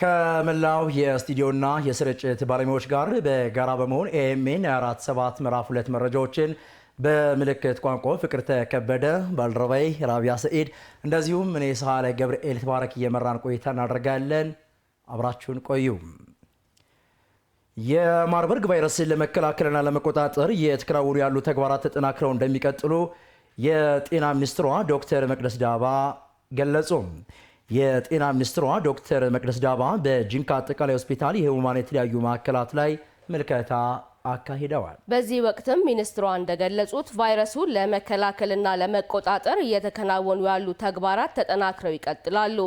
ከመላው የስቱዲዮና የስርጭት ባለሙያዎች ጋር በጋራ በመሆን ኤኤምኤን 24/7 ምዕራፍ ሁለት መረጃዎችን በምልክት ቋንቋ ፍቅር ተከበደ፣ ባልደረባይ ራቢያ ሰኢድ፣ እንደዚሁም እኔ ሰዓለ ገብርኤል ተባረክ እየመራን ቆይታ እናደርጋለን። አብራችሁን ቆዩ። የማርበርግ ቫይረስን ለመከላከልና ለመቆጣጠር እየተከናወኑ ያሉ ተግባራት ተጠናክረው እንደሚቀጥሉ የጤና ሚኒስትሯ ዶክተር መቅደስ ዳባ ገለጹ። የጤና ሚኒስትሯ ዶክተር መቅደስ ዳባ በጂንካ አጠቃላይ ሆስፒታል የህሙማን የተለያዩ ማዕከላት ላይ ምልከታ አካሂደዋል። በዚህ ወቅትም ሚኒስትሯ እንደገለጹት ቫይረሱ ለመከላከልና ለመቆጣጠር እየተከናወኑ ያሉ ተግባራት ተጠናክረው ይቀጥላሉ።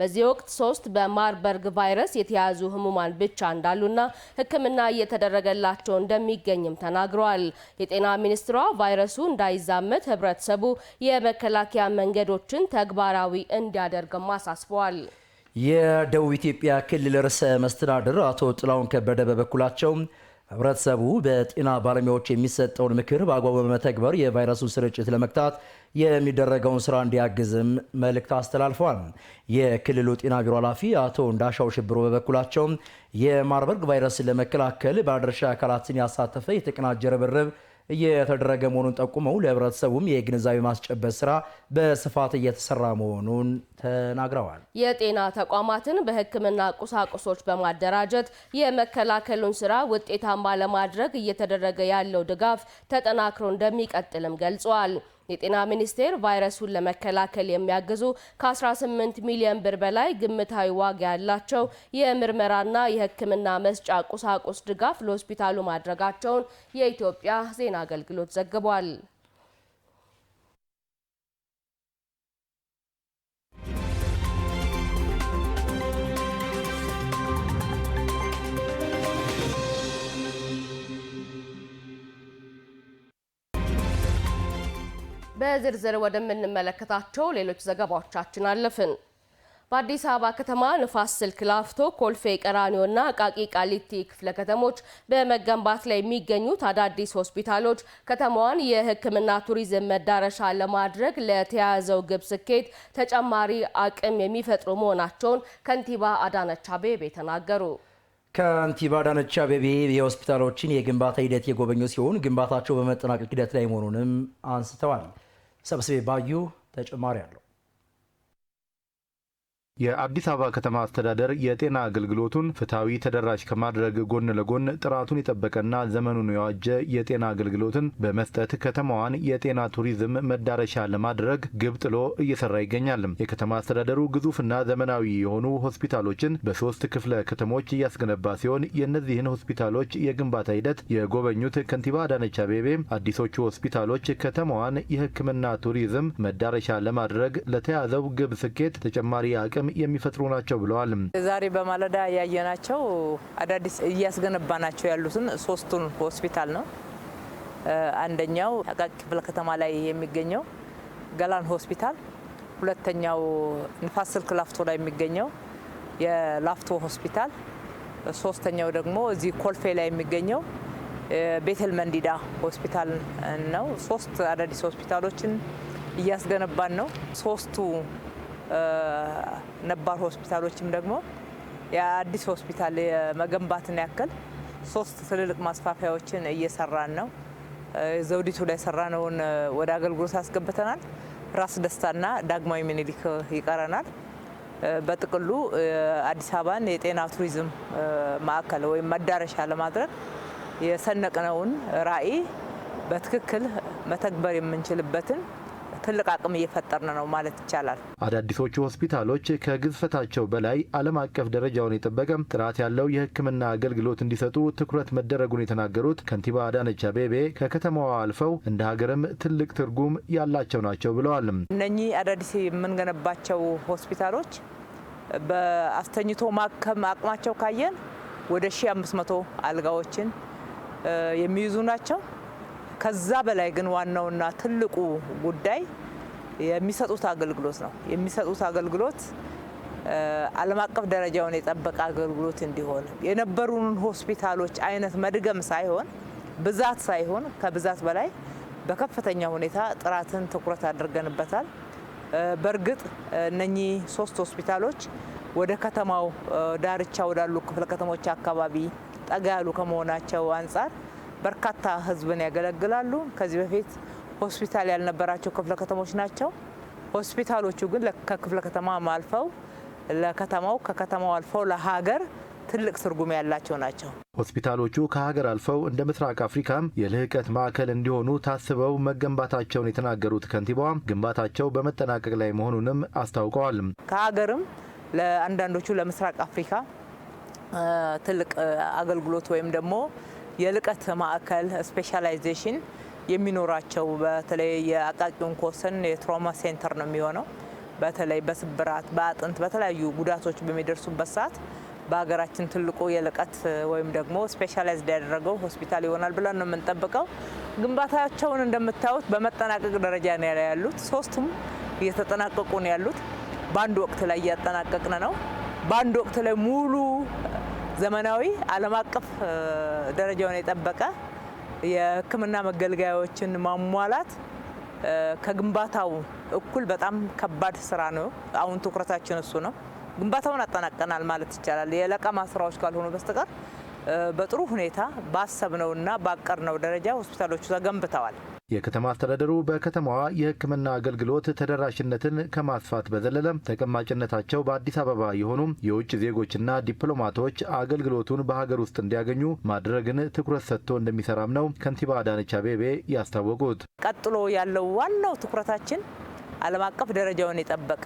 በዚህ ወቅት ሶስት በማርበርግ ቫይረስ የተያዙ ህሙማን ብቻ እንዳሉና ሕክምና እየተደረገላቸው እንደሚገኝም ተናግረዋል። የጤና ሚኒስትሯ ቫይረሱ እንዳይዛመት ህብረተሰቡ የመከላከያ መንገዶችን ተግባራዊ እንዲያደርግም አሳስበዋል። የደቡብ ኢትዮጵያ ክልል ርዕሰ መስተዳድር አቶ ጥላሁን ከበደ በበኩላቸው ህብረተሰቡ በጤና ባለሙያዎች የሚሰጠውን ምክር በአግባቡ በመተግበር የቫይረሱን ስርጭት ለመግታት የሚደረገውን ስራ እንዲያግዝም መልእክት አስተላልፏል። የክልሉ ጤና ቢሮ ኃላፊ አቶ እንዳሻው ሽብሮ በበኩላቸው የማርበርግ ቫይረስን ለመከላከል ባለድርሻ አካላትን ያሳተፈ የተቀናጀ ርብርብ እየተደረገ መሆኑን ጠቁመው ለህብረተሰቡም የግንዛቤ ማስጨበጥ ስራ በስፋት እየተሰራ መሆኑን ተናግረዋል። የጤና ተቋማትን በህክምና ቁሳቁሶች በማደራጀት የመከላከሉን ስራ ውጤታማ ለማድረግ እየተደረገ ያለው ድጋፍ ተጠናክሮ እንደሚቀጥልም ገልጿል። የጤና ሚኒስቴር ቫይረሱን ለመከላከል የሚያግዙ ከ18 ሚሊዮን ብር በላይ ግምታዊ ዋጋ ያላቸው የምርመራና የሕክምና መስጫ ቁሳቁስ ድጋፍ ለሆስፒታሉ ማድረጋቸውን የኢትዮጵያ ዜና አገልግሎት ዘግቧል። በዝርዝር ወደምንመለከታቸው ሌሎች ዘገባዎቻችን አለፍን። በአዲስ አበባ ከተማ ንፋስ ስልክ ላፍቶ፣ ኮልፌ ቀራኒዮና አቃቂ ቃሊቲ ክፍለ ከተሞች በመገንባት ላይ የሚገኙት አዳዲስ ሆስፒታሎች ከተማዋን የሕክምና ቱሪዝም መዳረሻ ለማድረግ ለተያያዘው ግብ ስኬት ተጨማሪ አቅም የሚፈጥሩ መሆናቸውን ከንቲባ አዳነች አቤቤ ተናገሩ። ከንቲባ አዳነች አቤቤ የሆስፒታሎችን የግንባታ ሂደት የጎበኙ ሲሆን ግንባታቸው በመጠናቀቅ ሂደት ላይ መሆኑንም አንስተዋል። ሰብስቤ ባዩ ተጨማሪ አለው። የአዲስ አበባ ከተማ አስተዳደር የጤና አገልግሎቱን ፍትሐዊ ተደራሽ ከማድረግ ጎን ለጎን ጥራቱን የጠበቀና ዘመኑን የዋጀ የጤና አገልግሎትን በመስጠት ከተማዋን የጤና ቱሪዝም መዳረሻ ለማድረግ ግብ ጥሎ እየሰራ ይገኛል። የከተማ አስተዳደሩ ግዙፍና ዘመናዊ የሆኑ ሆስፒታሎችን በሶስት ክፍለ ከተሞች እያስገነባ ሲሆን የእነዚህን ሆስፒታሎች የግንባታ ሂደት የጎበኙት ከንቲባ አዳነች አቤቤ አዲሶቹ ሆስፒታሎች ከተማዋን የሕክምና ቱሪዝም መዳረሻ ለማድረግ ለተያዘው ግብ ስኬት ተጨማሪ አቅም አቅም የሚፈጥሩ ናቸው ብለዋል። ዛሬ በማለዳ ያየናቸው አዳዲስ እያስገነባናቸው ያሉትን ሶስቱን ሆስፒታል ነው። አንደኛው አቃቂ ክፍለ ከተማ ላይ የሚገኘው ገላን ሆስፒታል፣ ሁለተኛው ንፋስ ስልክ ላፍቶ ላይ የሚገኘው የላፍቶ ሆስፒታል፣ ሶስተኛው ደግሞ እዚህ ኮልፌ ላይ የሚገኘው ቤተል መንዲዳ ሆስፒታል ነው። ሶስት አዳዲስ ሆስፒታሎችን እያስገነባን ነው። ሶስቱ ነባር ሆስፒታሎችም ደግሞ የአዲስ ሆስፒታል መገንባትን ያክል ሶስት ትልልቅ ማስፋፊያዎችን እየሰራን ነው። ዘውዲቱ ላይ ሰራነውን ወደ አገልግሎት አስገብተናል። ራስ ደስታና ዳግማዊ ምኒልክ ይቀረናል። በጥቅሉ አዲስ አበባን የጤና ቱሪዝም ማዕከል ወይም መዳረሻ ለማድረግ የሰነቅነውን ራዕይ በትክክል መተግበር የምንችልበትን ትልቅ አቅም እየፈጠርን ነው ማለት ይቻላል። አዳዲሶቹ ሆስፒታሎች ከግዝፈታቸው በላይ ዓለም አቀፍ ደረጃውን የጠበቀ ጥራት ያለው የሕክምና አገልግሎት እንዲሰጡ ትኩረት መደረጉን የተናገሩት ከንቲባ አዳነች አቤቤ ከከተማዋ አልፈው እንደ ሀገርም ትልቅ ትርጉም ያላቸው ናቸው ብለዋል። እነኚህ አዳዲስ የምንገነባቸው ሆስፒታሎች በአስተኝቶ ማከም አቅማቸው ካየን ወደ ሺ5መቶ አልጋዎችን የሚይዙ ናቸው። ከዛ በላይ ግን ዋናውና ትልቁ ጉዳይ የሚሰጡት አገልግሎት ነው። የሚሰጡት አገልግሎት ዓለም አቀፍ ደረጃውን የጠበቀ አገልግሎት እንዲሆን የነበሩን ሆስፒታሎች አይነት መድገም ሳይሆን ብዛት ሳይሆን ከብዛት በላይ በከፍተኛ ሁኔታ ጥራትን ትኩረት አድርገንበታል። በእርግጥ እነኚህ ሶስት ሆስፒታሎች ወደ ከተማው ዳርቻ ወዳሉ ክፍለ ከተሞች አካባቢ ጠጋ ያሉ ከመሆናቸው አንጻር በርካታ ሕዝብን ያገለግላሉ። ከዚህ በፊት ሆስፒታል ያልነበራቸው ክፍለ ከተሞች ናቸው። ሆስፒታሎቹ ግን ከክፍለ ከተማ አልፈው ለከተማው ከከተማው አልፈው ለሀገር ትልቅ ትርጉም ያላቸው ናቸው። ሆስፒታሎቹ ከሀገር አልፈው እንደ ምስራቅ አፍሪካም የልህቀት ማዕከል እንዲሆኑ ታስበው መገንባታቸውን የተናገሩት ከንቲባዋ ግንባታቸው በመጠናቀቅ ላይ መሆኑንም አስታውቀዋል። ከሀገርም ለአንዳንዶቹ ለምስራቅ አፍሪካ ትልቅ አገልግሎት ወይም ደግሞ የልቀት ማዕከል ስፔሻላይዜሽን የሚኖራቸው በተለይ የአቃቂውን ኮሰን የትራውማ ሴንተር ነው የሚሆነው። በተለይ በስብራት፣ በአጥንት፣ በተለያዩ ጉዳቶች በሚደርሱበት ሰዓት በሀገራችን ትልቁ የልቀት ወይም ደግሞ ስፔሻላይዝድ ያደረገው ሆስፒታል ይሆናል ብለን ነው የምንጠብቀው። ግንባታቸውን እንደምታዩት በመጠናቀቅ ደረጃ ነው ያሉት። ሶስቱም እየተጠናቀቁ ነው ያሉት። በአንድ ወቅት ላይ እያጠናቀቅን ነው። በአንድ ወቅት ላይ ሙሉ ዘመናዊ ዓለም አቀፍ ደረጃውን የጠበቀ የሕክምና መገልገያዎችን ማሟላት ከግንባታው እኩል በጣም ከባድ ስራ ነው። አሁን ትኩረታችን እሱ ነው። ግንባታውን አጠናቀናል ማለት ይቻላል። የለቀማ ስራዎች ካልሆኑ በስተቀር በጥሩ ሁኔታ ባሰብነውና ባቀርነው ደረጃ ሆስፒታሎቹ ተገንብተዋል። የከተማ አስተዳደሩ በከተማዋ የሕክምና አገልግሎት ተደራሽነትን ከማስፋት በዘለለ ተቀማጭነታቸው በአዲስ አበባ የሆኑ የውጭ ዜጎችና ዲፕሎማቶች አገልግሎቱን በሀገር ውስጥ እንዲያገኙ ማድረግን ትኩረት ሰጥቶ እንደሚሰራም ነው ከንቲባ አዳነች አቤቤ ያስታወቁት። ቀጥሎ ያለው ዋናው ትኩረታችን ዓለም አቀፍ ደረጃውን የጠበቀ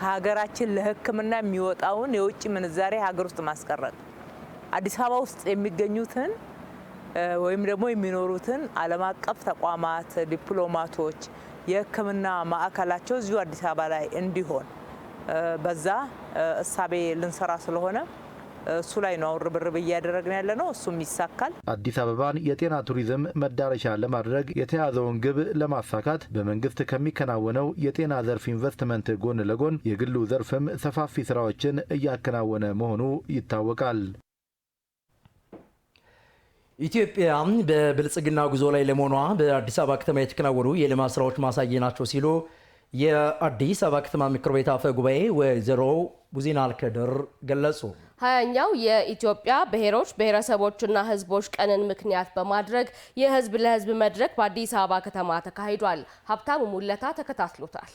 ከሀገራችን ለሕክምና የሚወጣውን የውጭ ምንዛሬ ሀገር ውስጥ ማስቀረጥ አዲስ አበባ ውስጥ የሚገኙትን ወይም ደግሞ የሚኖሩትን ዓለም አቀፍ ተቋማት፣ ዲፕሎማቶች የሕክምና ማዕከላቸው እዚሁ አዲስ አበባ ላይ እንዲሆን በዛ እሳቤ ልንሰራ ስለሆነ እሱ ላይ ነው አሁን ርብርብ እያደረግን ያለ ነው። እሱም ይሳካል። አዲስ አበባን የጤና ቱሪዝም መዳረሻ ለማድረግ የተያዘውን ግብ ለማሳካት በመንግስት ከሚከናወነው የጤና ዘርፍ ኢንቨስትመንት ጎን ለጎን የግሉ ዘርፍም ሰፋፊ ስራዎችን እያከናወነ መሆኑ ይታወቃል። ኢትዮጵያ በብልጽግና ጉዞ ላይ ለመሆኗ በአዲስ አበባ ከተማ የተከናወኑ የልማት ስራዎች ማሳየ ናቸው ሲሉ የአዲስ አበባ ከተማ ምክር ቤት አፈ ጉባኤ ወይዘሮ ቡዚና አልከድር ገለጹ። ሀያኛው የኢትዮጵያ ብሔሮች ብሔረሰቦችና ሕዝቦች ቀንን ምክንያት በማድረግ የህዝብ ለህዝብ መድረክ በአዲስ አበባ ከተማ ተካሂዷል። ሀብታሙ ሙለታ ተከታትሎታል።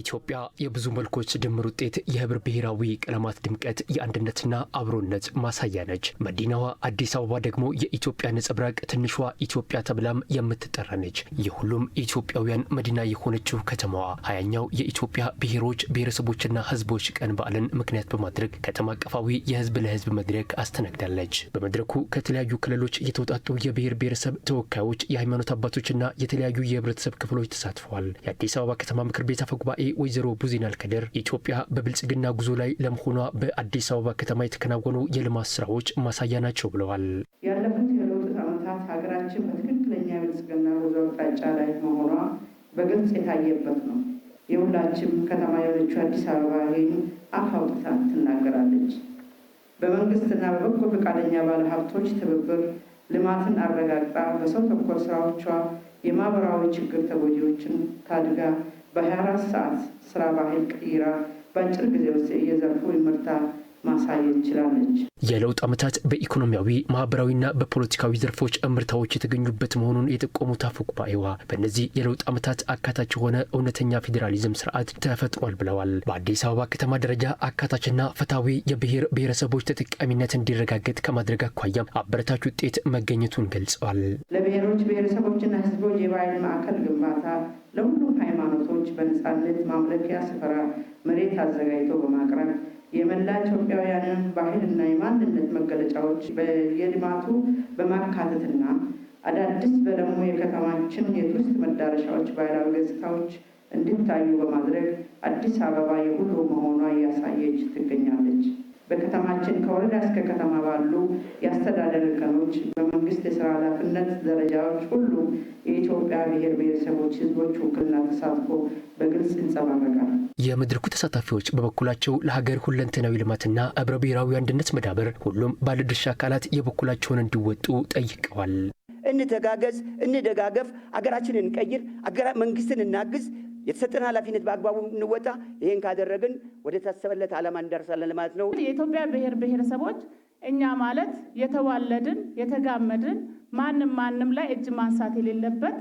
ኢትዮጵያ የብዙ መልኮች ድምር ውጤት የህብር ብሔራዊ ቀለማት ድምቀት የአንድነትና አብሮነት ማሳያ ነች። መዲናዋ አዲስ አበባ ደግሞ የኢትዮጵያ ነጸብራቅ ትንሿ ኢትዮጵያ ተብላም የምትጠራ ነች። የሁሉም ኢትዮጵያውያን መዲና የሆነችው ከተማዋ ሀያኛው የኢትዮጵያ ብሔሮች ብሔረሰቦችና ህዝቦች ቀን በዓልን ምክንያት በማድረግ ከተማ አቀፋዊ የህዝብ ለህዝብ መድረክ አስተናግዳለች። በመድረኩ ከተለያዩ ክልሎች የተውጣጡ የብሔር ብሔረሰብ ተወካዮች፣ የሃይማኖት አባቶችና የተለያዩ የህብረተሰብ ክፍሎች ተሳትፈዋል። የአዲስ አበባ ከተማ ምክር ቤት አፈጉባ ጉባኤ ወይዘሮ ቡዚናል ከድር ኢትዮጵያ በብልጽግና ጉዞ ላይ ለመሆኗ በአዲስ አበባ ከተማ የተከናወኑ የልማት ስራዎች ማሳያ ናቸው ብለዋል። ያለፉት የለውጥ ዓመታት ሀገራችን በትክክለኛ የብልጽግና ጉዞ አቅጣጫ ላይ መሆኗ በግልጽ የታየበት ነው። የሁላችን ከተማ የሆነችው አዲስ አበባ ይህን አፍ አውጥታ ትናገራለች። በመንግስትና በበጎ ፈቃደኛ ባለሀብቶች ትብብር ልማትን አረጋግጣ በሰው ተኮር ስራዎቿ የማህበራዊ ችግር ተጎጂዎችን ታድጋ በ24 ሰዓት ስራ ባህል ቀይራ በአጭር ጊዜ ውስጥ የዘርፉ ምርታ የለውጥ ዓመታት በኢኮኖሚያዊ ማህበራዊና በፖለቲካዊ ዘርፎች እምርታዎች የተገኙበት መሆኑን የጠቆሙት አፈ ጉባኤዋ በእነዚህ የለውጥ ዓመታት አካታች የሆነ እውነተኛ ፌዴራሊዝም ስርዓት ተፈጥሯል ብለዋል። በአዲስ አበባ ከተማ ደረጃ አካታችና ፍትሐዊ የብሔር ብሔረሰቦች ተጠቃሚነት እንዲረጋገጥ ከማድረግ አኳያም አበረታች ውጤት መገኘቱን ገልጸዋል። ለብሔሮች ብሔረሰቦችና የባህል ማዕከል ግንባታ ለሁሉም ሃይማኖቶች በነፃነት ማምለኪያ ስፍራ መሬት አዘጋጅቶ በማቅረብ የመላ ኢትዮጵያውያንን ባህልና የማንነት መገለጫዎች የልማቱ በማካተትና አዳዲስ በደሞ የከተማችን የቱሪስት መዳረሻዎች ባህላዊ ገጽታዎች እንዲታዩ በማድረግ አዲስ አበባ የሁሉ መሆኗ እያሳየች ትገኛለች። በከተማችን ከወረዳ እስከ ከተማ ባሉ የአስተዳደር እርከኖች በመንግስት የስራ ኃላፊነት ደረጃዎች ሁሉ የኢትዮጵያ ብሔር ብሔረሰቦች ህዝቦች ውክልና ተሳትፎ በግልጽ ይንጸባረቃል። የመድረኩ ተሳታፊዎች በበኩላቸው ለሀገር ሁለንተናዊ ልማትና አብረ ብሔራዊ አንድነት መዳበር ሁሉም ባለድርሻ አካላት የበኩላቸውን እንዲወጡ ጠይቀዋል። እንተጋገዝ፣ እንደጋገፍ፣ አገራችንን እንቀይር፣ መንግስትን እናግዝ የተሰጠን ኃላፊነት በአግባቡ እንወጣ። ይህን ካደረግን ወደ ታሰበለት ዓላማ እንደርሳለን ማለት ነው። የኢትዮጵያ ብሔር ብሔረሰቦች እኛ ማለት የተዋለድን የተጋመድን ማንም ማንም ላይ እጅ ማንሳት የሌለበት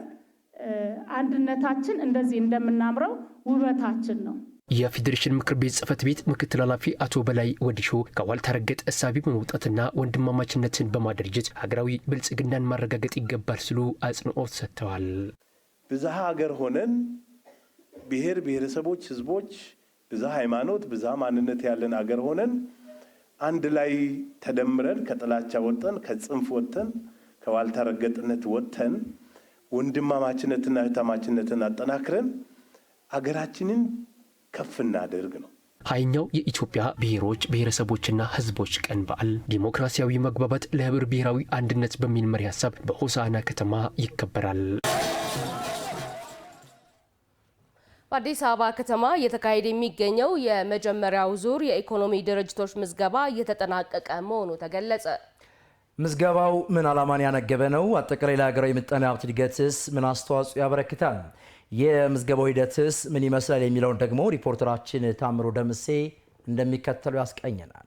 አንድነታችን እንደዚህ እንደምናምረው ውበታችን ነው። የፌዴሬሽን ምክር ቤት ጽህፈት ቤት ምክትል ኃላፊ አቶ በላይ ወዲሾ ከዋልታ ረገጥ እሳቤ በመውጣትና ወንድማማችነትን በማደርጀት ሀገራዊ ብልጽግናን ማረጋገጥ ይገባል ሲሉ አጽንኦት ሰጥተዋል። ብዝሃ ሀገር ሆነን ብሔር ብሔረሰቦች፣ ህዝቦች ብዛ ሃይማኖት፣ ብዛ ማንነት ያለን አገር ሆነን አንድ ላይ ተደምረን ከጥላቻ ወጥተን ከጽንፍ ወጥተን ከባልተረገጥነት ወጥተን ወንድማማችነትና እህታማችነትን አጠናክረን አገራችንን ከፍ እናደርግ ነው። ሀያኛው የኢትዮጵያ ብሔሮች ብሔረሰቦችና ህዝቦች ቀን በዓል ዲሞክራሲያዊ መግባባት ለህብር ብሔራዊ አንድነት በሚል መሪ ሀሳብ በሆሳና ከተማ ይከበራል። በአዲስ አበባ ከተማ እየተካሄደ የሚገኘው የመጀመሪያው ዙር የኢኮኖሚ ድርጅቶች ምዝገባ እየተጠናቀቀ መሆኑ ተገለጸ። ምዝገባው ምን ዓላማን ያነገበ ነው? አጠቃላይ ለሀገራዊ ምጣኔ ሀብት እድገትስ ምን አስተዋጽኦ ያበረክታል? የምዝገባው ሂደትስ ምን ይመስላል? የሚለውን ደግሞ ሪፖርተራችን ታምሮ ደምሴ እንደሚከተሉ ያስቀኘናል።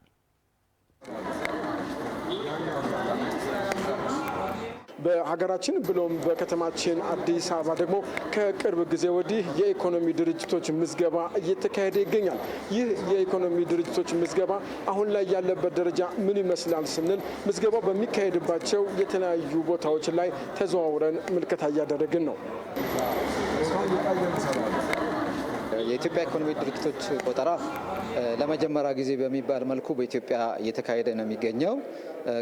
በሀገራችን ብሎም በከተማችን አዲስ አበባ ደግሞ ከቅርብ ጊዜ ወዲህ የኢኮኖሚ ድርጅቶች ምዝገባ እየተካሄደ ይገኛል። ይህ የኢኮኖሚ ድርጅቶች ምዝገባ አሁን ላይ ያለበት ደረጃ ምን ይመስላል ስንል ምዝገባው በሚካሄድባቸው የተለያዩ ቦታዎች ላይ ተዘዋውረን ምልከታ እያደረግን ነው። የኢትዮጵያ ኢኮኖሚ ድርጅቶች ቆጠራ ለመጀመሪያ ጊዜ በሚባል መልኩ በኢትዮጵያ እየተካሄደ ነው የሚገኘው።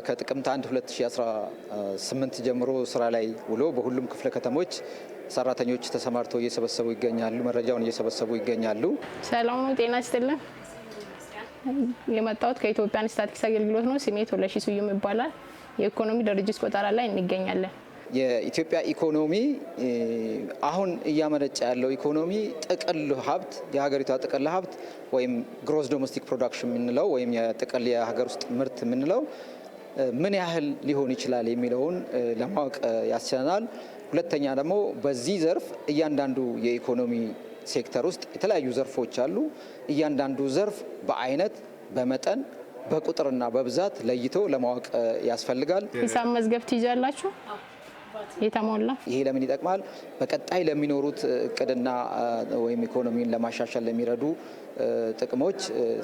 ከጥቅምት 1 2018 ጀምሮ ስራ ላይ ውሎ በሁሉም ክፍለ ከተሞች ሰራተኞች ተሰማርተው እየሰበሰቡ ይገኛሉ፣ መረጃውን እየሰበሰቡ ይገኛሉ። ሰላም ጤና ይስጥልን። የመጣሁት ከኢትዮጵያን ስታቲክስ አገልግሎት ነው። ስሜ ቶለሺ ስዩም ይባላል። የኢኮኖሚ ድርጅት ቆጠራ ላይ እንገኛለን። የኢትዮጵያ ኢኮኖሚ አሁን እያመነጨ ያለው ኢኮኖሚ ጥቅል ሀብት የሀገሪቷ ጥቅል ሀብት ወይም ግሮስ ዶሜስቲክ ፕሮዳክሽን የምንለው ወይም የጥቅል የሀገር ውስጥ ምርት የምንለው ምን ያህል ሊሆን ይችላል የሚለውን ለማወቅ ያስችለናል። ሁለተኛ ደግሞ በዚህ ዘርፍ እያንዳንዱ የኢኮኖሚ ሴክተር ውስጥ የተለያዩ ዘርፎች አሉ። እያንዳንዱ ዘርፍ በአይነት በመጠን በቁጥርና በብዛት ለይቶ ለማወቅ ያስፈልጋል። ሂሳብ መዝገብ ትይዛላችሁ? የተሞላ ይሄ ለምን ይጠቅማል? በቀጣይ ለሚኖሩት እቅድና ወይም ኢኮኖሚን ለማሻሻል ለሚረዱ ጥቅሞች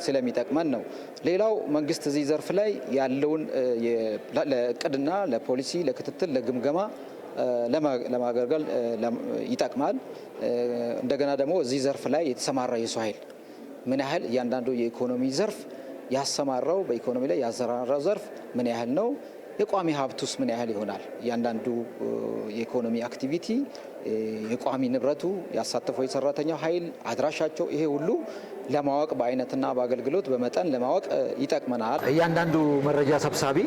ስለሚጠቅመን ነው። ሌላው መንግስት እዚህ ዘርፍ ላይ ያለውን ለእቅድና ለፖሊሲ ለክትትል፣ ለግምገማ ለማገልገል ይጠቅማል። እንደገና ደግሞ እዚህ ዘርፍ ላይ የተሰማራ የሰው ኃይል ምን ያህል እያንዳንዱ የኢኮኖሚ ዘርፍ ያሰማራው በኢኮኖሚ ላይ ያዘራራው ዘርፍ ምን ያህል ነው የቋሚ ሀብቱስ ምን ያህል ይሆናል? እያንዳንዱ የኢኮኖሚ አክቲቪቲ የቋሚ ንብረቱ ያሳተፈው የሰራተኛው ኃይል አድራሻቸው፣ ይሄ ሁሉ ለማወቅ በአይነትና በአገልግሎት በመጠን ለማወቅ ይጠቅመናል። እያንዳንዱ መረጃ ሰብሳቢ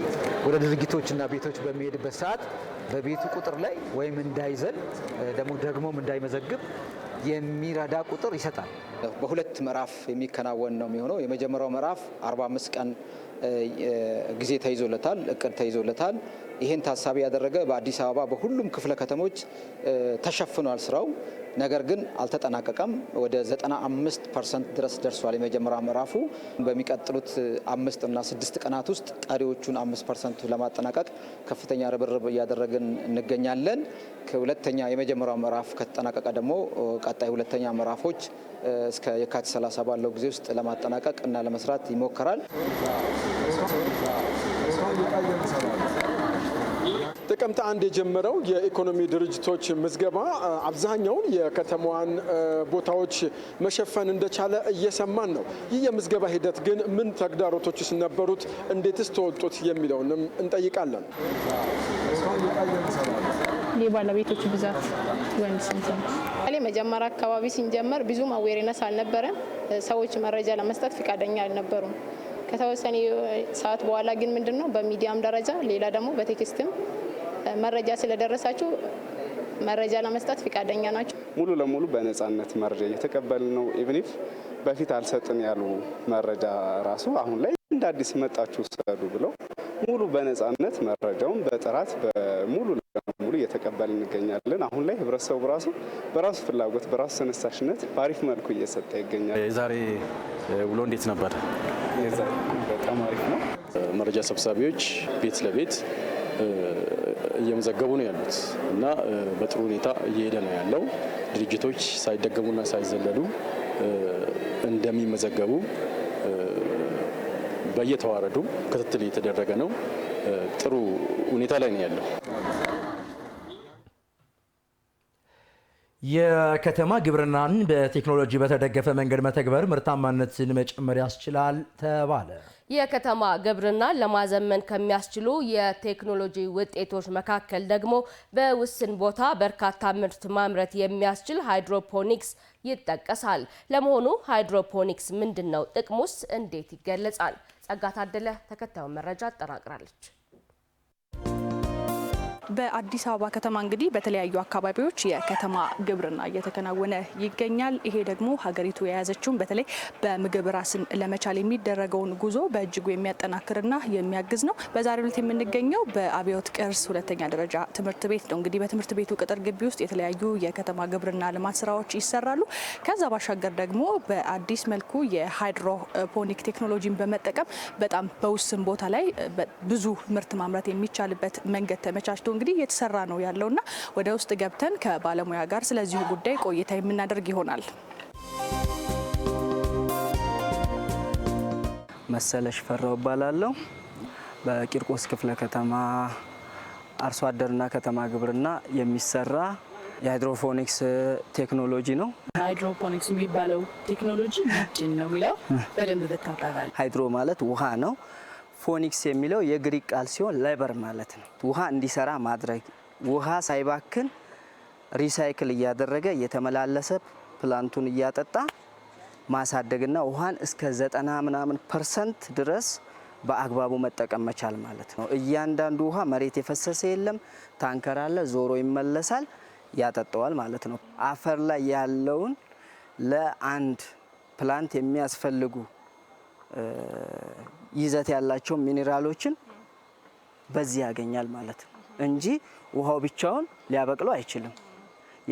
ወደ ድርጅቶችና ቤቶች በሚሄድበት ሰዓት በቤቱ ቁጥር ላይ ወይም እንዳይዘል ደግሞ ደግሞም እንዳይመዘግብ የሚረዳ ቁጥር ይሰጣል። በሁለት ምዕራፍ የሚከናወን ነው የሚሆነው። የመጀመሪያው ምዕራፍ 45 ቀን ጊዜ ተይዞለታል፣ እቅድ ተይዞለታል። ይህን ታሳቢ ያደረገ በአዲስ አበባ በሁሉም ክፍለ ከተሞች ተሸፍኗል ስራው። ነገር ግን አልተጠናቀቀም። ወደ 95 ፐርሰንት ድረስ ደርሷል የመጀመሪያ ምዕራፉ። በሚቀጥሉት አምስት እና ስድስት ቀናት ውስጥ ቀሪዎቹን አምስት ፐርሰንቱ ለማጠናቀቅ ከፍተኛ ርብርብ እያደረግን እንገኛለን። ከሁለተኛ የመጀመሪያ ምዕራፍ ከተጠናቀቀ ደግሞ ቀጣይ ሁለተኛ ምዕራፎች እስከ የካቲት 30 ባለው ጊዜ ውስጥ ለማጠናቀቅ እና ለመስራት ይሞከራል። ጥቅምት አንድ የጀመረው የኢኮኖሚ ድርጅቶች ምዝገባ አብዛኛውን የከተማዋን ቦታዎች መሸፈን እንደቻለ እየሰማን ነው። ይህ የምዝገባ ሂደት ግን ምን ተግዳሮቶችስ ነበሩት? እንዴትስ ተወጡት? የሚለውንም እንጠይቃለን። የባለቤቶች ብዛት ወይም ስንት ነው? መጀመሪያ አካባቢ ሲንጀመር ብዙም አዌርነስ አልነበረም። ሰዎች መረጃ ለመስጠት ፍቃደኛ አልነበሩም። ከተወሰነ ሰዓት በኋላ ግን ምንድን ነው በሚዲያም ደረጃ ሌላ ደግሞ በቴክስትም መረጃ ስለደረሳችሁ መረጃ ለመስጠት ፈቃደኛ ናቸው። ሙሉ ለሙሉ በነጻነት መረጃ እየተቀበል ነው። ኢቭኒፍ በፊት አልሰጥን ያሉ መረጃ ራሱ አሁን ላይ እንደ አዲስ መጣችሁ ውሰዱ ብለው ሙሉ በነጻነት መረጃውን በጥራት በሙሉ ለሙሉ እየተቀበል እንገኛለን። አሁን ላይ ህብረተሰቡ ራሱ በራሱ ፍላጎት በራሱ ተነሳሽነት በአሪፍ መልኩ እየሰጠ ይገኛል። የዛሬ ውሎ እንዴት ነበር? በጣም አሪፍ ነው። መረጃ ሰብሳቢዎች ቤት ለቤት እየመዘገቡ ነው ያሉት እና በጥሩ ሁኔታ እየሄደ ነው ያለው። ድርጅቶች ሳይደገሙና ሳይዘለሉ እንደሚመዘገቡ በየተዋረዱ ክትትል እየተደረገ ነው። ጥሩ ሁኔታ ላይ ነው ያለው። የከተማ ግብርናን በቴክኖሎጂ በተደገፈ መንገድ መተግበር ምርታማነትን መጨመር ያስችላል ተባለ። የከተማ ግብርናን ለማዘመን ከሚያስችሉ የቴክኖሎጂ ውጤቶች መካከል ደግሞ በውስን ቦታ በርካታ ምርት ማምረት የሚያስችል ሃይድሮፖኒክስ ይጠቀሳል። ለመሆኑ ሃይድሮፖኒክስ ምንድን ነው? ጥቅሙስ እንዴት ይገለጻል? ጸጋ ታደለ ተከታዩን መረጃ አጠናቅራለች። በአዲስ አበባ ከተማ እንግዲህ በተለያዩ አካባቢዎች የከተማ ግብርና እየተከናወነ ይገኛል። ይሄ ደግሞ ሀገሪቱ የያዘችውን በተለይ በምግብ ራስን ለመቻል የሚደረገውን ጉዞ በእጅጉ የሚያጠናክርና የሚያግዝ ነው። በዛሬው ዕለት የምንገኘው በአብዮት ቅርስ ሁለተኛ ደረጃ ትምህርት ቤት ነው። እንግዲህ በትምህርት ቤቱ ቅጥር ግቢ ውስጥ የተለያዩ የከተማ ግብርና ልማት ስራዎች ይሰራሉ። ከዛ ባሻገር ደግሞ በአዲስ መልኩ የሃይድሮፖኒክ ቴክኖሎጂን በመጠቀም በጣም በውስን ቦታ ላይ ብዙ ምርት ማምረት የሚቻልበት መንገድ ተመቻችቶ እንግዲህ እየተሰራ ነው ያለውና ወደ ውስጥ ገብተን ከባለሙያ ጋር ስለዚሁ ጉዳይ ቆይታ የምናደርግ ይሆናል። መሰለሽ ፈራው እባላለሁ። በቂርቆስ ክፍለ ከተማ አርሶ አደርና ከተማ ግብርና የሚሰራ የሃይድሮፎኒክስ ቴክኖሎጂ ነው። ሃይድሮፖኒክስ የሚባለው ቴክኖሎጂ ምንድን ነው የሚለው በደንብ ብታጣራል። ሃይድሮ ማለት ውሃ ነው። ፎኒክስ የሚለው የግሪክ ቃል ሲሆን ሌበር ማለት ነው። ውሃ እንዲሰራ ማድረግ ውሃ ሳይባክን ሪሳይክል እያደረገ እየተመላለሰ ፕላንቱን እያጠጣ ማሳደግና ውሃን እስከ ዘጠና ምናምን ፐርሰንት ድረስ በአግባቡ መጠቀም መቻል ማለት ነው። እያንዳንዱ ውሃ መሬት የፈሰሰ የለም፣ ታንከር አለ፣ ዞሮ ይመለሳል፣ ያጠጠዋል ማለት ነው። አፈር ላይ ያለውን ለአንድ ፕላንት የሚያስፈልጉ ይዘት ያላቸው ሚኔራሎችን በዚህ ያገኛል ማለት ነው እንጂ ውሃው ብቻውን ሊያበቅለው አይችልም።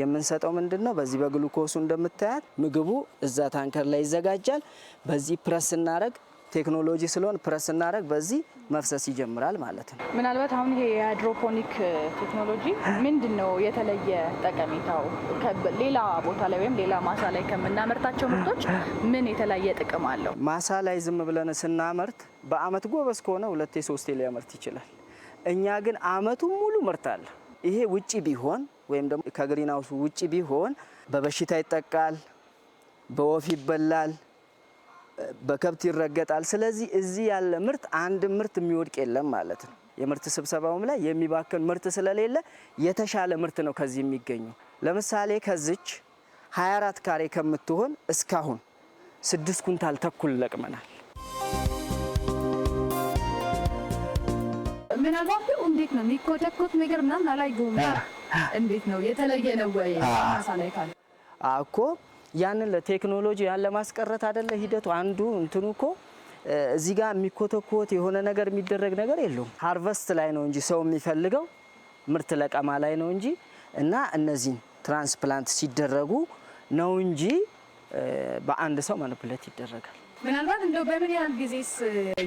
የምንሰጠው ምንድን ነው? በዚህ በግሉኮሱ እንደምታያት ምግቡ እዛ ታንከር ላይ ይዘጋጃል። በዚህ ፕረስ ስናደረግ ቴክኖሎጂ ስለሆን ፕረስ ስናደርግ በዚህ መፍሰስ ይጀምራል ማለት ነው። ምናልባት አሁን ይሄ የሃይድሮፖኒክ ቴክኖሎጂ ምንድን ነው የተለየ ጠቀሜታው? ሌላ ቦታ ላይ ወይም ሌላ ማሳ ላይ ከምናመርታቸው ምርቶች ምን የተለየ ጥቅም አለው? ማሳ ላይ ዝም ብለን ስናመርት በአመት ጎበዝ ከሆነ ሁለቴ ሶስቴ ሊያመርት ይችላል። እኛ ግን አመቱ ሙሉ ምርት አለ። ይሄ ውጪ ቢሆን ወይም ደግሞ ከግሪን ውጪ ቢሆን በበሽታ ይጠቃል፣ በወፍ ይበላል በከብት ይረገጣል። ስለዚህ እዚህ ያለ ምርት አንድ ምርት የሚወድቅ የለም ማለት ነው። የምርት ስብሰባውም ላይ የሚባክን ምርት ስለሌለ የተሻለ ምርት ነው ከዚህ የሚገኘው። ለምሳሌ ከዚች 24 ካሬ ከምትሆን እስካሁን ስድስት ኩንታል ተኩል ለቅመናል። ምናልባትም እንዴት ነው የሚኮተኩት ነገር ምናምን አላየሁም። እንዴት ነው የተለየ ነው ወይ? ማሳ ላይ ካለ አኮ ያንን ለቴክኖሎጂ ያን ለማስቀረት አደለ ሂደቱ አንዱ እንትኑ እኮ እዚህ ጋር የሚኮተኮት የሆነ ነገር የሚደረግ ነገር የለውም። ሃርቨስት ላይ ነው እንጂ ሰው የሚፈልገው ምርት ለቀማ ላይ ነው እንጂ እና እነዚህን ትራንስፕላንት ሲደረጉ ነው እንጂ በአንድ ሰው ማኒፑሌት ይደረጋል። ምናልባት እንደው በምን ያህል ጊዜስ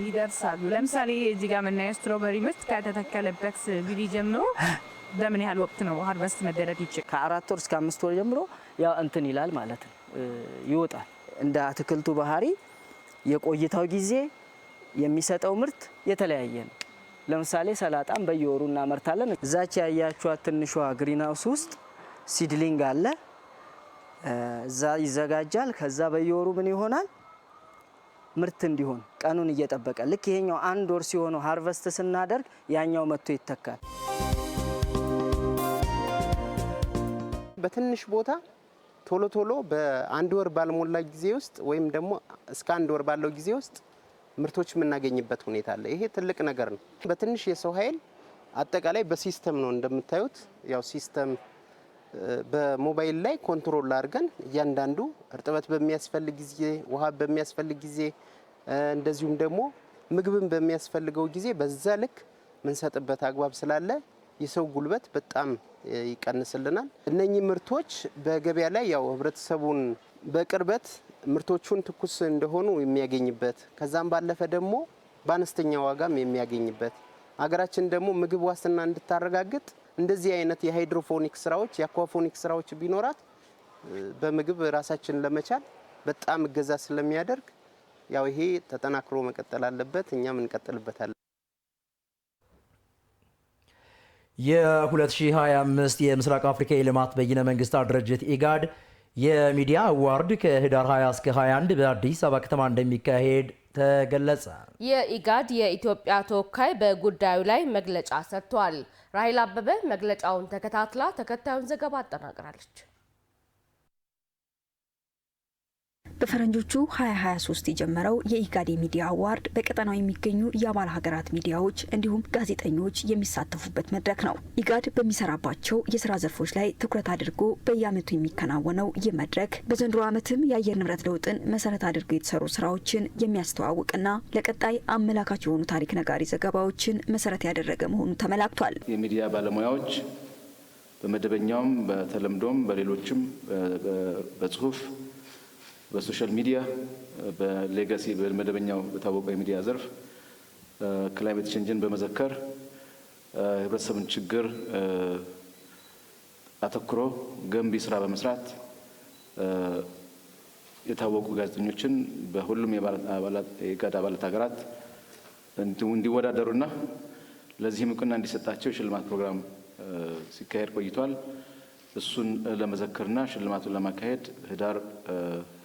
ይደርሳሉ? ለምሳሌ እዚህ ጋር የምናየው ስትሮበሪ ምርት ከተተከለበት ጊዜ ጀምሮ በምን ያህል ወቅት ነው ሃርቨስት መደረግ ይችላል? ከአራት ወር እስከ አምስት ወር ጀምሮ ያው እንትን ይላል ማለት ነው ይወጣል። እንደ አትክልቱ ባህሪ የቆይታው ጊዜ የሚሰጠው ምርት የተለያየ ነው። ለምሳሌ ሰላጣም በየወሩ እናመርታለን። እዛች ያያችኋት ትንሿ ግሪንሃውስ ውስጥ ሲድሊንግ አለ፣ እዛ ይዘጋጃል። ከዛ በየወሩ ምን ይሆናል ምርት እንዲሆን ቀኑን እየጠበቀ ልክ ይሄኛው አንድ ወር ሲሆነው ሃርቨስት ስናደርግ ያኛው መጥቶ ይተካል። በትንሽ ቦታ ቶሎ ቶሎ በአንድ ወር ባልሞላ ጊዜ ውስጥ ወይም ደግሞ እስከ አንድ ወር ባለው ጊዜ ውስጥ ምርቶች የምናገኝበት ሁኔታ አለ። ይሄ ትልቅ ነገር ነው። በትንሽ የሰው ኃይል አጠቃላይ በሲስተም ነው እንደምታዩት፣ ያው ሲስተም በሞባይል ላይ ኮንትሮል አድርገን እያንዳንዱ እርጥበት በሚያስፈልግ ጊዜ፣ ውሃ በሚያስፈልግ ጊዜ፣ እንደዚሁም ደግሞ ምግብን በሚያስፈልገው ጊዜ በዛ ልክ ምንሰጥበት አግባብ ስላለ የሰው ጉልበት በጣም ይቀንስልናል። እነኚህ ምርቶች በገበያ ላይ ያው ህብረተሰቡን በቅርበት ምርቶቹን ትኩስ እንደሆኑ የሚያገኝበት ከዛም ባለፈ ደግሞ በአነስተኛ ዋጋም የሚያገኝበት አገራችን ደግሞ ምግብ ዋስትና እንድታረጋግጥ እንደዚህ አይነት የሃይድሮፎኒክ ስራዎች የአኳፎኒክ ስራዎች ቢኖራት በምግብ ራሳችን ለመቻል በጣም እገዛ ስለሚያደርግ ያው ይሄ ተጠናክሮ መቀጠል አለበት። እኛም እንቀጥልበታለን። የ2025 የምስራቅ አፍሪካ የልማት በይነ መንግስታት ድርጅት ኢጋድ የሚዲያ አዋርድ ከህዳር 20 እስከ 21 በአዲስ አበባ ከተማ እንደሚካሄድ ተገለጸ። የኢጋድ የኢትዮጵያ ተወካይ በጉዳዩ ላይ መግለጫ ሰጥቷል። ራሂል አበበ መግለጫውን ተከታትላ ተከታዩን ዘገባ አጠናቅራለች። በፈረንጆቹ 2023 የጀመረው የኢጋድ ሚዲያ አዋርድ በቀጠናው የሚገኙ የአባል ሀገራት ሚዲያዎች እንዲሁም ጋዜጠኞች የሚሳተፉበት መድረክ ነው። ኢጋድ በሚሰራባቸው የስራ ዘርፎች ላይ ትኩረት አድርጎ በየዓመቱ የሚከናወነው ይህ መድረክ በዘንድሮ ዓመትም የአየር ንብረት ለውጥን መሰረት አድርገው የተሰሩ ስራዎችን የሚያስተዋውቅና ለቀጣይ አመላካች የሆኑ ታሪክ ነጋሪ ዘገባዎችን መሰረት ያደረገ መሆኑ ተመላክቷል። የሚዲያ ባለሙያዎች በመደበኛውም በተለምዶም በሌሎችም በጽሁፍ በሶሻል ሚዲያ፣ በሌጋሲ በመደበኛው በታወቀው የሚዲያ ዘርፍ ክላይሜት ቼንጅን በመዘከር ህብረተሰብን ችግር አተኩሮ ገንቢ ስራ በመስራት የታወቁ ጋዜጠኞችን በሁሉም የጋድ አባላት ሀገራት እንዲወዳደሩና ለዚህም እውቅና እንዲሰጣቸው የሽልማት ፕሮግራም ሲካሄድ ቆይቷል። እሱን ለመዘክርና ሽልማቱን ለማካሄድ ህዳር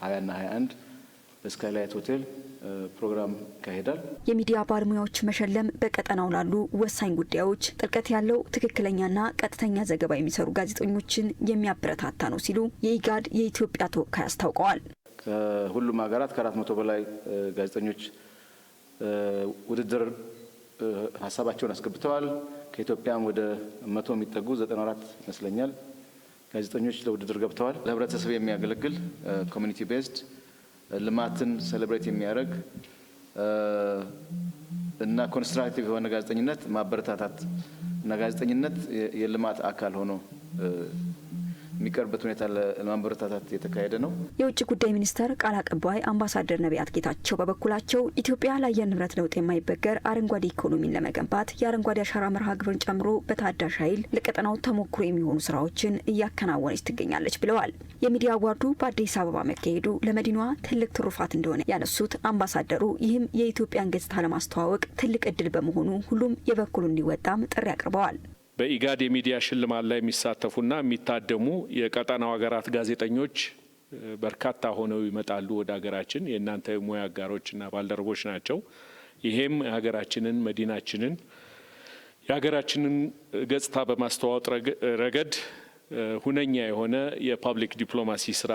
20ና 21 በስካይላይት ሆቴል ፕሮግራም ይካሄዳል። የሚዲያ ባለሙያዎች መሸለም በቀጠናው ላሉ ወሳኝ ጉዳዮች ጥልቀት ያለው ትክክለኛና ቀጥተኛ ዘገባ የሚሰሩ ጋዜጠኞችን የሚያበረታታ ነው ሲሉ የኢጋድ የኢትዮጵያ ተወካይ አስታውቀዋል። ከሁሉም ሀገራት ከአራት መቶ በላይ ጋዜጠኞች ውድድር ሀሳባቸውን አስገብተዋል። ከኢትዮጵያም ወደ መቶ የሚጠጉ ዘጠና አራት ይመስለኛል ጋዜጠኞች ለውድድር ገብተዋል። ለህብረተሰብ የሚያገለግል ኮሚኒቲ ቤዝድ ልማትን ሴሌብሬት የሚያደርግ እና ኮንስትራክቲቭ የሆነ ጋዜጠኝነት ማበረታታት እና ጋዜጠኝነት የልማት አካል ሆኖ የሚቀርበት ሁኔታ ለማበረታታት የተካሄደ ነው። የውጭ ጉዳይ ሚኒስቴር ቃል አቀባይ አምባሳደር ነቢያት ጌታቸው በበኩላቸው ኢትዮጵያ ለአየር ንብረት ለውጥ የማይበገር አረንጓዴ ኢኮኖሚን ለመገንባት የአረንጓዴ አሻራ መርሃ ግብርን ጨምሮ በታዳሽ ኃይል ለቀጠናው ተሞክሮ የሚሆኑ ስራዎችን እያከናወነች ትገኛለች ብለዋል። የሚዲያ አዋርዱ በአዲስ አበባ መካሄዱ ለመዲኗ ትልቅ ትሩፋት እንደሆነ ያነሱት አምባሳደሩ ይህም የኢትዮጵያን ገጽታ ለማስተዋወቅ ትልቅ እድል በመሆኑ ሁሉም የበኩሉ እንዲወጣም ጥሪ አቅርበዋል። በኢጋድ የሚዲያ ሽልማት ላይ የሚሳተፉና የሚታደሙ የቀጠናው ሀገራት ጋዜጠኞች በርካታ ሆነው ይመጣሉ ወደ ሀገራችን። የእናንተ ሙያ አጋሮችና ባልደረቦች ናቸው። ይሄም የሀገራችንን መዲናችንን የሀገራችንን ገጽታ በማስተዋወጥ ረገድ ሁነኛ የሆነ የፓብሊክ ዲፕሎማሲ ስራ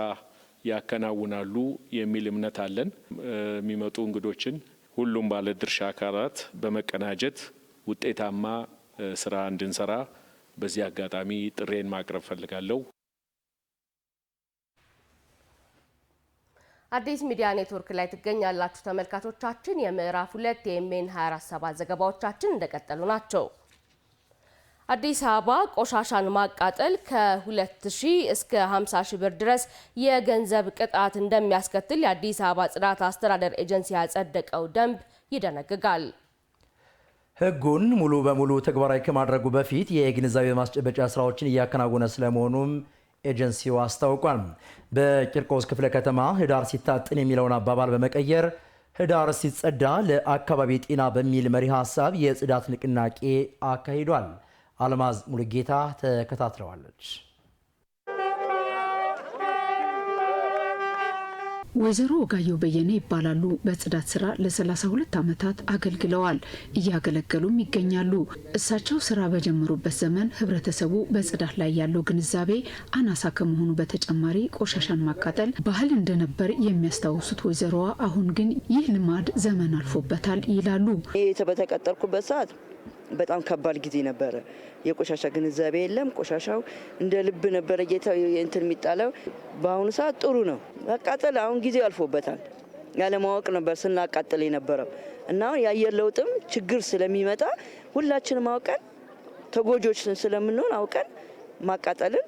ያከናውናሉ የሚል እምነት አለን። የሚመጡ እንግዶችን ሁሉም ባለድርሻ አካላት በመቀናጀት ውጤታማ ስራ እንድንሰራ በዚህ አጋጣሚ ጥሬን ማቅረብ ፈልጋለሁ። አዲስ ሚዲያ ኔትወርክ ላይ ትገኛላችሁ ተመልካቾቻችን። የምዕራፍ ሁለት የኤምኤን 247 ዘገባዎቻችን እንደቀጠሉ ናቸው። አዲስ አበባ ቆሻሻን ማቃጠል ከ2000 እስከ 50 ሺህ ብር ድረስ የገንዘብ ቅጣት እንደሚያስከትል የአዲስ አበባ ጽዳት አስተዳደር ኤጀንሲ ያጸደቀው ደንብ ይደነግጋል። ህጉን ሙሉ በሙሉ ተግባራዊ ከማድረጉ በፊት የግንዛቤ ማስጨበጫ ስራዎችን እያከናወነ ስለመሆኑም ኤጀንሲው አስታውቋል። በቂርቆስ ክፍለ ከተማ ህዳር ሲታጥን የሚለውን አባባል በመቀየር ህዳር ሲጸዳ ለአካባቢ ጤና በሚል መሪ ሀሳብ የጽዳት ንቅናቄ አካሂዷል። አልማዝ ሙሉጌታ ተከታትለዋለች። ወይዘሮ ወጋየሁ በየነ ይባላሉ። በጽዳት ስራ ለ32 ዓመታት አገልግለዋል፣ እያገለገሉም ይገኛሉ። እሳቸው ስራ በጀመሩበት ዘመን ህብረተሰቡ በጽዳት ላይ ያለው ግንዛቤ አናሳ ከመሆኑ በተጨማሪ ቆሻሻን ማቃጠል ባህል እንደነበር የሚያስታውሱት ወይዘሮዋ አሁን ግን ይህ ልማድ ዘመን አልፎበታል ይላሉ። ይህ በተቀጠርኩበት ሰዓት በጣም ከባድ ጊዜ ነበረ። የቆሻሻ ግንዛቤ የለም። ቆሻሻው እንደ ልብ ነበረ ጌታ እንትን የሚጣለው። በአሁኑ ሰዓት ጥሩ ነው። መቃጠል አሁን ጊዜው አልፎበታል። ያለማወቅ ነበር ስናቃጥል የነበረው እና አሁን የአየር ለውጥም ችግር ስለሚመጣ ሁላችንም አውቀን ተጎጆች ስለምንሆን አውቀን ማቃጠልን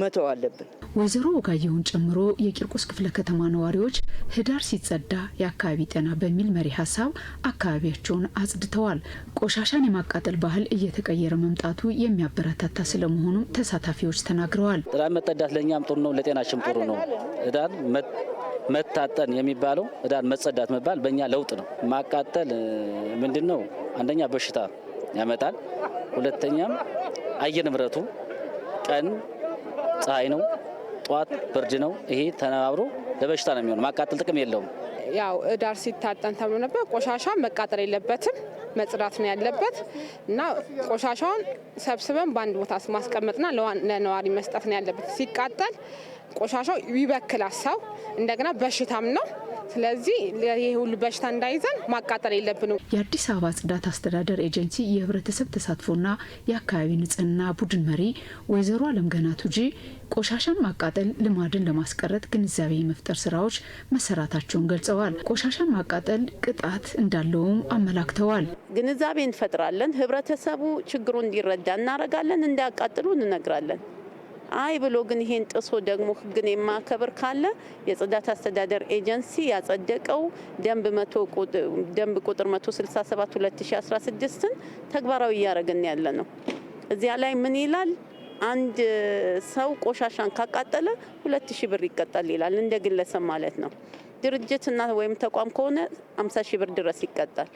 መተው አለብን። ወይዘሮ ወጋየሁን ጨምሮ የቂርቆስ ክፍለ ከተማ ነዋሪዎች ህዳር ሲጸዳ የአካባቢ ጤና በሚል መሪ ሀሳብ አካባቢያቸውን አጽድተዋል። ቆሻሻን የማቃጠል ባህል እየተቀየረ መምጣቱ የሚያበረታታ ስለመሆኑም ተሳታፊዎች ተናግረዋል። ህዳር መጠዳት ለእኛም ጥሩ ነው፣ ለጤናችም ጥሩ ነው። ህዳር መታጠን የሚባለው ህዳር መጸዳት መባል በእኛ ለውጥ ነው። ማቃጠል ምንድን ነው? አንደኛ በሽታ ያመጣል፣ ሁለተኛም አየር ንብረቱ ቀን ፀሐይ ነው፣ ጠዋት ብርድ ነው። ይሄ ተነባብሮ ለበሽታ ነው የሚሆነው። ማቃጠል ጥቅም የለውም። ያው ዳር ሲታጠን ተብሎ ነበር። ቆሻሻ መቃጠል የለበትም መጽዳት ነው ያለበት እና ቆሻሻውን ሰብስበን በአንድ ቦታ ማስቀመጥና ለነዋሪ መስጠት ነው ያለበት። ሲቃጠል ቆሻሻው ይበክላል ሰው እንደገና በሽታም ነው ስለዚህ ይህ ሁሉ በሽታ እንዳይዘን ማቃጠል የለብንም። የአዲስ አበባ ጽዳት አስተዳደር ኤጀንሲ የህብረተሰብ ተሳትፎና የአካባቢ ንጽህና ቡድን መሪ ወይዘሮ አለም ገና ቱጂ ቆሻሻን ማቃጠል ልማድን ለማስቀረት ግንዛቤ የመፍጠር ስራዎች መሰራታቸውን ገልጸዋል። ቆሻሻን ማቃጠል ቅጣት እንዳለውም አመላክተዋል። ግንዛቤ እንፈጥራለን። ህብረተሰቡ ችግሩ እንዲረዳ እናረጋለን። እንዳያቃጥሉ እንነግራለን። አይ ብሎ ግን ይሄን ጥሶ ደግሞ ህግን የማከብር ካለ የጽዳት አስተዳደር ኤጀንሲ ያጸደቀው ደንብ መቶ ደንብ ቁጥር 167 2016ን ተግባራዊ እያደረግን ያለ ነው። እዚያ ላይ ምን ይላል? አንድ ሰው ቆሻሻን ካቃጠለ ሁለት ሺህ ብር ይቀጣል ይላል። እንደ ግለሰብ ማለት ነው። ድርጅትና ወይም ተቋም ከሆነ 50 ሺህ ብር ድረስ ይቀጣል።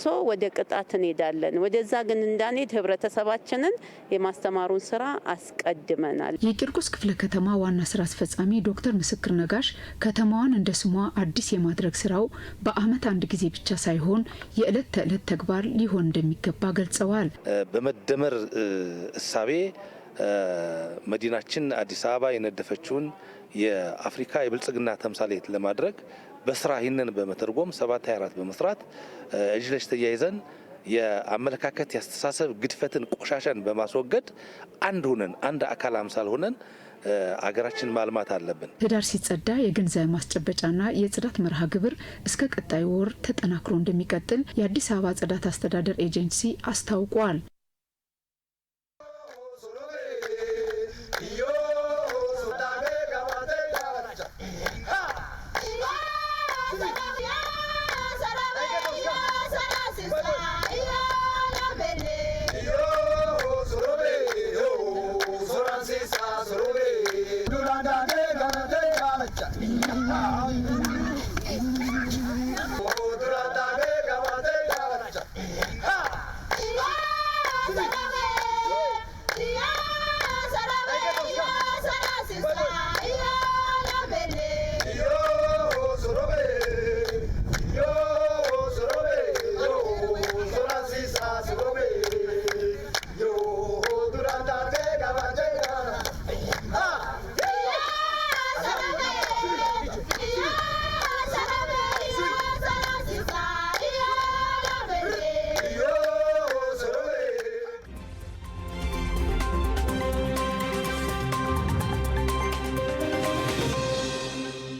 ሶ ወደ ቅጣት እንሄዳለን። ወደዛ ግን እንዳንሄድ ህብረተሰባችንን የማስተማሩን ስራ አስቀድመናል። የቂርቆስ ክፍለ ከተማ ዋና ስራ አስፈጻሚ ዶክተር ምስክር ነጋሽ ከተማዋን እንደ ስሟ አዲስ የማድረግ ስራው በአመት አንድ ጊዜ ብቻ ሳይሆን የዕለት ተዕለት ተግባር ሊሆን እንደሚገባ ገልጸዋል። በመደመር እሳቤ መዲናችን አዲስ አበባ የነደፈችውን የአፍሪካ የብልጽግና ተምሳሌት ለማድረግ በስራ ይህንን በመተርጎም ሰባት ሃያ አራት በመስራት እጅ ለእጅ ተያይዘን የአመለካከት የአስተሳሰብ ግድፈትን ቆሻሻን በማስወገድ አንድ ሁነን አንድ አካል አምሳል ሆነን አገራችን ማልማት አለብን። ህዳር ሲጸዳ የገንዘብ ማስጨበጫና የጽዳት መርሃ ግብር እስከ ቀጣይ ወር ተጠናክሮ እንደሚቀጥል የአዲስ አበባ ጽዳት አስተዳደር ኤጀንሲ አስታውቋል።